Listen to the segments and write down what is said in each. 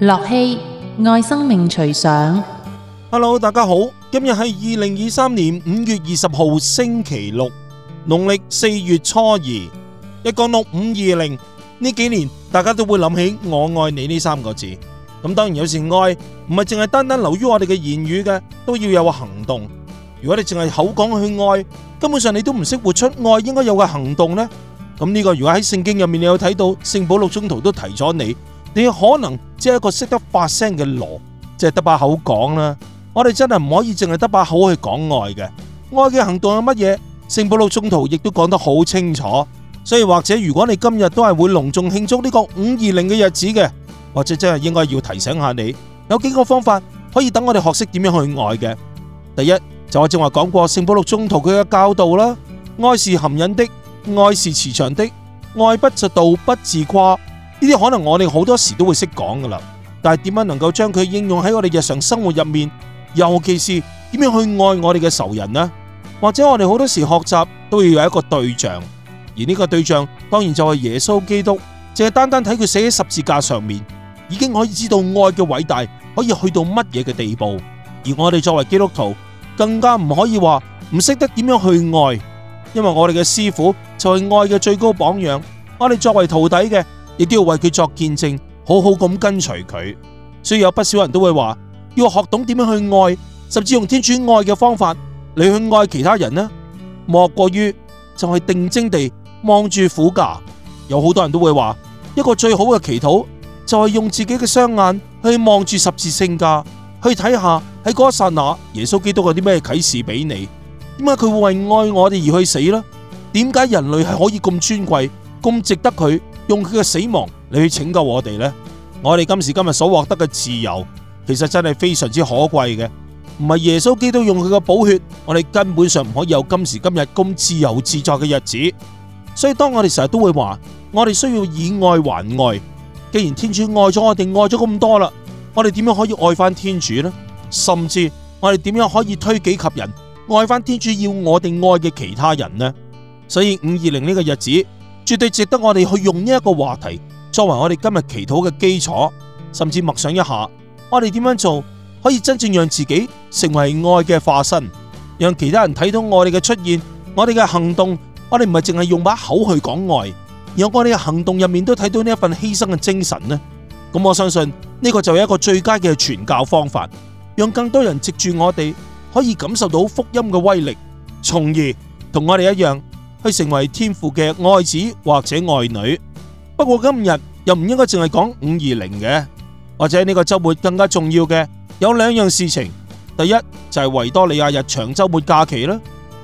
駱曦愛生命隨想，Hello，大家好，今日係二零二三年五月二十號星期六，農曆四月初二，一講到五二零呢幾年，大家都會諗起我愛你呢三個字。咁當然有時愛唔係淨係單單留於我哋嘅言語嘅，都要有個行動。如果你淨係口講去愛，根本上你都唔識活出愛應該有個行動咧。咁呢個如果喺聖經入面，你有睇到聖保祿中途都提咗你。你可能只係一個識得發聲嘅鑼，即係得把口講啦。我哋真係唔可以淨係得把口去講愛嘅，愛嘅行動係乜嘢？聖保祿宗徒亦都講得好清楚。所以或者如果你今日都係會隆重慶祝呢個五二零嘅日子嘅，或者真係應該要提醒下你，有幾個方法可以等我哋學識點樣去愛嘅。第一就我正話講過，聖保祿宗徒佢嘅教導啦，愛是含忍的，的，愛是慈祥的，愛不就道，不自誇。呢啲可能我哋好多時都會識講㗎喇，但係點樣能夠將佢應用喺我哋日常生活入面？尤其是點樣去愛我哋嘅仇人呢？或者我哋好多時學習都要有一個對象，而呢個對象當然就係耶穌基督。淨係單單睇佢死喺十字架上面，已經可以知道愛嘅偉大，可以去到乜嘢嘅地步。而我哋作為基督徒更加唔可以話唔識得點樣去愛，因為我哋嘅師傅就係愛嘅最高榜樣。我哋作為徒弟嘅。亦都要為佢作見證，好好咁跟隨佢，所以有不少人都會話要學懂點樣去愛，甚至用天主愛嘅方法，你去愛其他人呢？莫過於就係、是、定睛地望住苦架，有好多人都會話一個最好嘅祈禱就係、是、用自己嘅雙眼去望住十字聖架，去睇下喺嗰一剎那耶穌基督有啲咩啟示俾你。點解佢會為愛我哋而去死呢？點解人類係可以咁尊貴、咁值得佢？用佢嘅死亡嚟去拯救我哋呢，我哋今時今日所獲得嘅自由，其實真係非常之可貴嘅，唔係耶穌基督用佢嘅寶血，我哋根本上唔可以有今時今日咁自由自在嘅日子。所以當我哋成日都會話，我哋需要以愛還愛。既然天主愛咗我哋，愛咗咁多啦，我哋點樣可以愛翻天主呢？甚至我哋點樣可以推己及人，愛翻天主要我哋愛嘅其他人呢？所以五二零呢個日子。絕對值得我哋去用呢一個話題作為我哋今日祈禱嘅基礎，甚至默想一下，我哋點樣做可以真正讓自己成為愛嘅化身，讓其他人睇到我哋嘅出現，我哋嘅行動，我哋唔係淨係用把口去講愛，而我哋嘅行動入面都睇到呢一份犧牲嘅精神呢？咁我相信呢個就係一個最佳嘅傳教方法，讓更多人藉住我哋，可以感受到福音嘅威力，從而同我哋一樣。去成為天父嘅愛子或者愛女。不過今日又唔應該淨係講五二零嘅，或者呢個周末更加重要嘅有兩樣事情。第一就係維多利亞日長周末假期啦。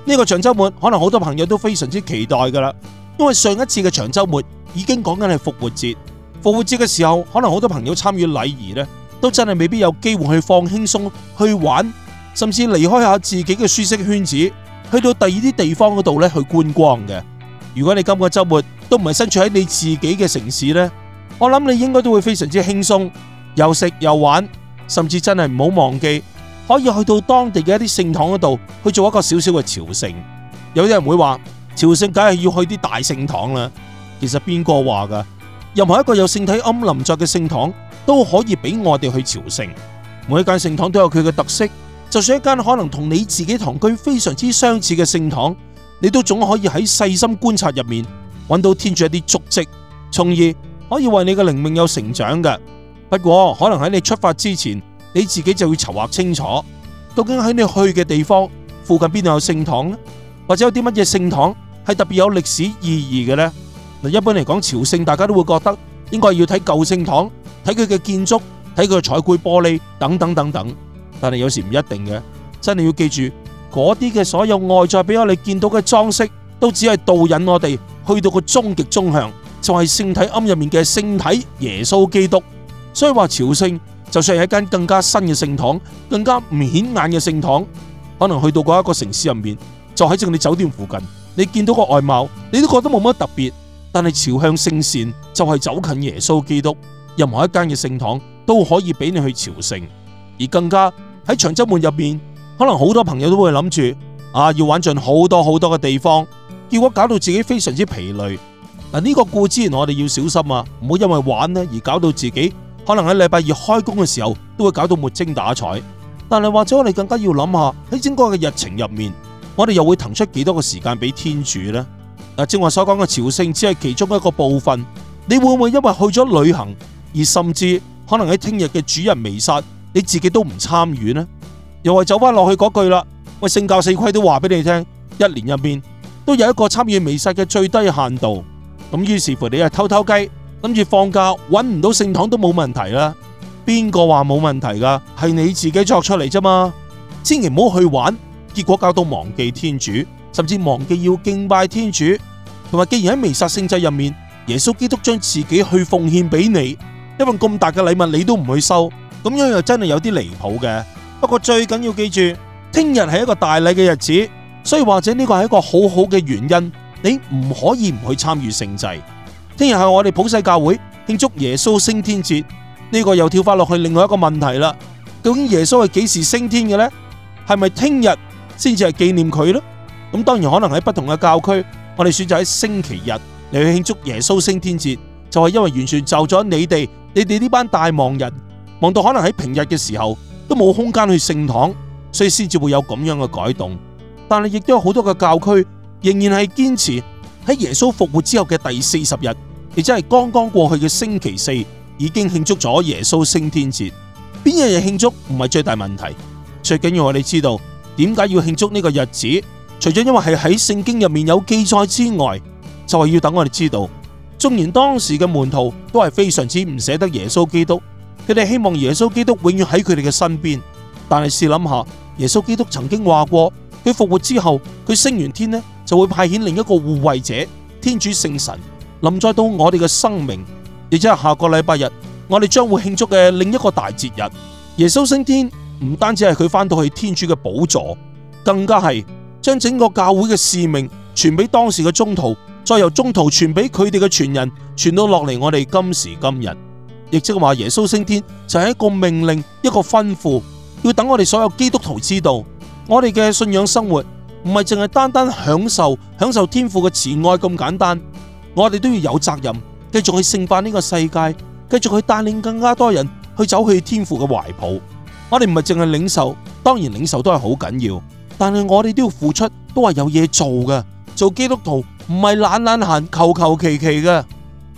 呢個長周末可能好多朋友都非常之期待㗎喇，因為上一次嘅長周末已經講緊係復活節。復活節嘅時候，可能好多朋友參與禮儀咧，都真係未必有機會去放輕鬆去玩，甚至離開下自己嘅舒適圈子。去到第二啲地方嗰度咧，去觀光嘅。如果你今個周末都唔係身處喺你自己嘅城市咧，我諗你應該都會非常之輕鬆，又食又玩，甚至真係唔好忘記可以去到當地嘅一啲聖堂嗰度去做一個小小嘅朝聖。有啲人會話朝聖梗係要去啲大聖堂啦，其實邊個話噶？任何一個有聖體暗臨在嘅聖堂都可以俾我哋去朝聖。每一間聖堂都有佢嘅特色。就算一間可能同你自己堂區非常之相似嘅聖堂，你都總可以喺細心觀察入面揾到天主一啲足跡，從而可以為你嘅靈命有成長嘅。不過可能喺你出發之前，你自己就要籌劃清楚，究竟喺你去嘅地方附近邊度有聖堂呢，或者有啲乜嘢聖堂係特別有歷史意義嘅呢？嗱，一般嚟講，朝聖大家都會覺得應該要睇舊聖堂，睇佢嘅建築，睇佢嘅彩繪玻璃，等等等等。但係有時唔一定嘅，真係要記住嗰啲嘅所有外在俾我哋見到嘅裝飾，都只係導引我哋去到個終極終向，就係聖體龕入面嘅聖體耶穌基督。所以話朝聖，就算係一間更加新嘅聖堂，更加唔顯眼嘅聖堂，可能去到嗰一個城市入面，就喺正你酒店附近，你見到個外貌，你都覺得冇乜特別。但係朝向聖善就係走近耶穌基督，任何一間嘅聖堂都可以俾你去朝聖，而更加。喺長週末入邊，可能好多朋友都會諗住啊，要玩盡好多好多嘅地方。結果搞到自己非常之疲累，嗱、啊、呢、個固之然我哋要小心啊，唔好因為玩咧而搞到自己可能喺禮拜二開工嘅時候都會搞到沒精打采。但係或者我哋更加要諗下喺整個嘅日程入面，我哋又會騰出幾多嘅時間俾天主呢？嗱、啊，正話所講嘅朝聖只係其中一個部分。你會唔會因為去咗旅行而甚至可能喺聽日嘅主日彌撒？你自己都唔參與呢？又係走翻落去嗰句啦。喂，聖教四規都話俾你聽，一年入面都有一個參與微殺嘅最低限度。咁於是乎你又偷偷雞，諗住放假揾唔到聖堂都冇問題啦。邊個話冇問題噶？係你自己作出嚟啫嘛。千祈唔好去玩，結果搞到忘記天主，甚至忘記要敬拜天主。同埋，既然喺微殺聖祭入面，耶穌基督將自己去奉獻俾你，一份咁大嘅禮物，你都唔去收。咁樣又真係有啲離譜嘅。不過最緊要記住，聽日係一個大禮嘅日子，所以或者呢個係一個好好嘅原因，你唔可以唔去參與聖祭。聽日係我哋普世教會慶祝耶穌升天節，呢個又跳翻落去另外一個問題啦。究竟耶穌係幾時升天嘅呢？係咪聽日先至係紀念佢呢？咁當然可能喺不同嘅教區，我哋選擇喺星期日嚟，去慶祝耶穌升天節，就係因為完全就咗你哋，你哋呢班大忙人，忙到可能喺平日嘅時候都冇空間去聖堂，所以先至會有咁樣嘅改動。但係亦都有好多嘅教區仍然係堅持喺耶穌復活之後嘅第四十日，亦即係剛剛過去嘅星期四，已經慶祝咗耶穌升天節。邊一日慶祝唔係最大問題，最緊要我哋知道點解要慶祝呢個日子，除咗因為係喺聖經入面有記載之外，就係要等我哋知道，縱然當時嘅門徒都係非常之唔捨得耶穌基督。佢哋希望耶穌基督永遠喺佢哋嘅身邊，但係試諗下，耶穌基督曾經話過，佢復活之後，佢升完天呢，就會派遣另一個護衛者，天主聖神，臨在到我哋嘅生命，亦即係下個禮拜日，我哋將會慶祝嘅另一個大節日。耶穌升天唔單止係佢翻到去天主嘅寶座，更加係將整個教會嘅使命傳俾當時嘅宗徒，再由宗徒傳俾佢哋嘅傳人，傳到落嚟我哋今時今日。亦即係話，耶穌升天就係一個命令，一個吩咐，要等我哋所有基督徒知道，我哋嘅信仰生活唔係淨係單單享受享受天父嘅慈愛咁簡單，我哋都要有責任，繼續去勝敗呢個世界，繼續去帶領更加多人去走去天父嘅懷抱。我哋唔係淨係領受，當然領受都係好緊要，但係我哋都要付出，都係有嘢做嘅。做基督徒唔係懶懶閒、求求其其嘅。咁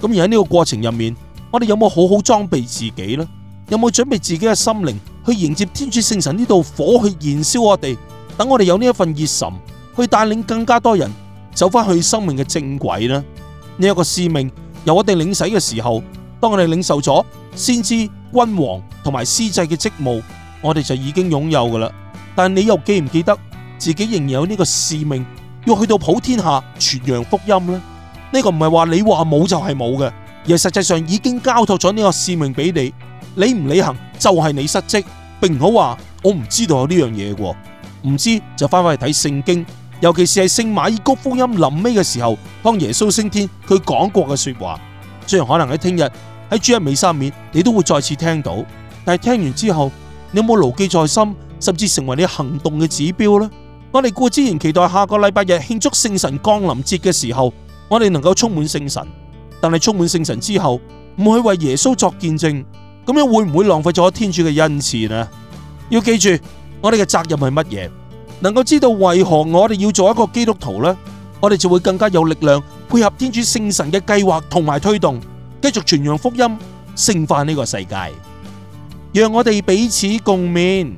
而喺呢個過程入面。我哋有冇好好裝備自己呢？有冇準備自己嘅心靈去迎接天主聖神呢道火去燃燒我哋？等我哋有呢一份熱忱，去帶領更加多人走返去生命嘅正軌呢？呢一個使命由我哋領洗嘅時候，當我哋領受咗，先知君王同埋司祭嘅職務，我哋就已經擁有㗎喇。但你又記唔記得自己仍然有呢個使命要去到普天下傳揚福音呢？呢個唔係話你話冇就係冇嘅。而實際上已經交託咗呢個使命俾你，你唔履行就係你失職，並唔好話我唔知道有呢樣嘢噶，唔知就翻返去睇聖經，尤其是係聖馬爾谷福音臨尾嘅時候，當耶穌升天佢講過嘅說話，雖然可能喺聽日喺主日尾三面，你都會再次聽到，但係聽完之後，你有冇牢記在心，甚至成為你行動嘅指標呢？我哋固然期待下個禮拜日慶祝聖神降臨節嘅時候，我哋能夠充滿聖神。但你充滿聖神之後，唔去為耶穌作見證，咁樣會唔會浪費咗天主嘅恩賜呢？要記住，我哋嘅責任係乜嘢？能夠知道為何我哋要做一個基督徒呢？我哋就會更加有力量配合天主聖神嘅計劃同埋推動，繼續傳揚福音，勝翻呢個世界。讓我哋彼此共勉。